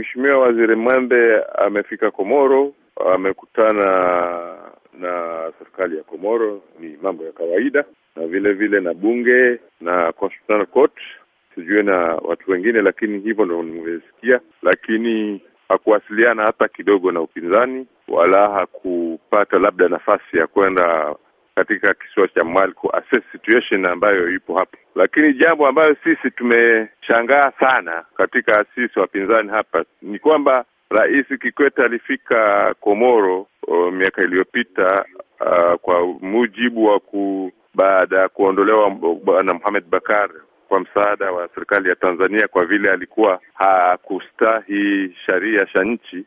Mheshimiwa Waziri Mwembe amefika Komoro, amekutana na serikali ya Komoro, ni mambo ya kawaida, na vile vile na bunge na Constitutional Court, sijue na watu wengine, lakini hivyo ndo nimesikia, lakini hakuwasiliana hata kidogo na upinzani wala hakupata labda nafasi ya kwenda katika kisiwa cha Mwali kuassess situation ambayo ipo hapo. Lakini jambo ambayo sisi tumeshangaa sana katika sisi wapinzani hapa ni kwamba Rais Kikwete alifika Komoro o, miaka iliyopita kwa mujibu wa ku baada ya kuondolewa Bwana Mohamed Bakar kwa msaada wa serikali ya Tanzania kwa vile alikuwa hakustahi sharia sha nchi.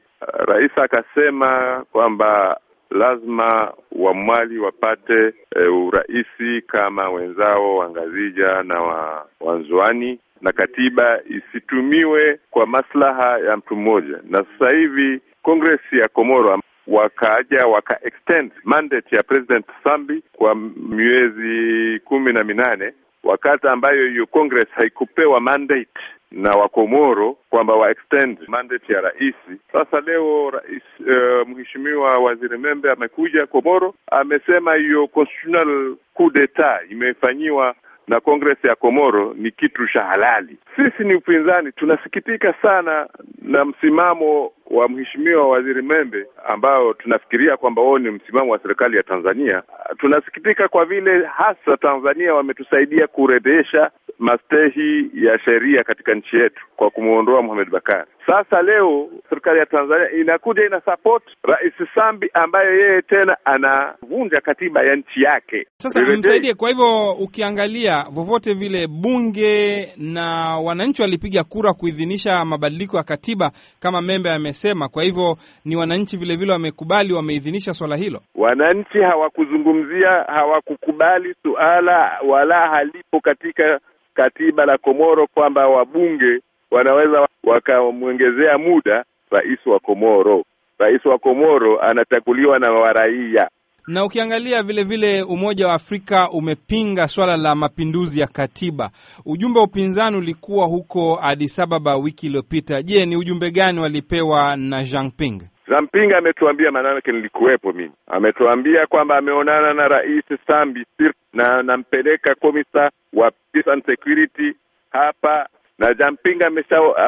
Rais akasema kwamba lazima Wamwali wapate e, eh, urahisi kama wenzao Wangazija na wa, Wanzwani na katiba isitumiwe kwa maslaha ya mtu mmoja. Na sasa hivi kongresi ya Komoro wakaja waka extend mandate ya President Sambi kwa miezi kumi na minane wakati ambayo hiyo Congress haikupewa mandate na Wakomoro kwamba wa extend mandate ya rais. Sasa leo rais uh, mheshimiwa Waziri Membe amekuja Komoro, amesema hiyo constitutional coup d'etat imefanyiwa na kongress ya Komoro ni kitu cha halali. Sisi ni upinzani, tunasikitika sana na msimamo wa mheshimiwa Waziri Membe ambao tunafikiria kwamba huo ni msimamo wa serikali ya Tanzania. Tunasikitika kwa vile hasa Tanzania wametusaidia kurejesha mastehi ya sheria katika nchi yetu kwa kumwondoa Mohamed Bakari. Sasa leo serikali ya Tanzania inakuja ina support Rais Sambi ambaye yeye tena anavunja katiba ya nchi yake. Sasa msaidie. Kwa hivyo ukiangalia vovote vile, bunge na wananchi walipiga kura kuidhinisha mabadiliko ya katiba kama Membe amesema. Kwa hivyo ni wananchi vile vile wamekubali, wameidhinisha swala hilo. Wananchi hawakuzungumzia, hawakukubali suala wala halipo katika katiba la Komoro kwamba wabunge wanaweza wakamwongezea muda rais wa Komoro. Rais wa Komoro anachaguliwa na waraia. Na ukiangalia vile vile Umoja wa Afrika umepinga swala la mapinduzi ya katiba. Ujumbe wa upinzani ulikuwa huko Addis Ababa wiki iliyopita. Je, ni ujumbe gani walipewa na Jean Ping? Jean Ping ametuambia, maanake nilikuwepo mimi, ametuambia kwamba ameonana na Rais Sambi na nampeleka komisa wa Peace and Security hapa na Jampinga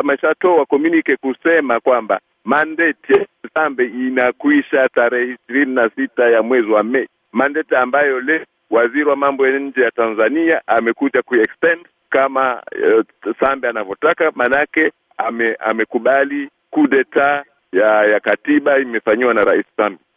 ameshatoa komunike kusema kwamba mandate ya Zambia inakuisha tarehe ishirini na sita ya mwezi wa Mei, mandate ambayo leo waziri wa mambo ya nje ya Tanzania amekuja kuextend kama uh, eh, Zambia anavyotaka. Manake ame, amekubali kudeta ya, ya katiba imefanyiwa na Rais sambe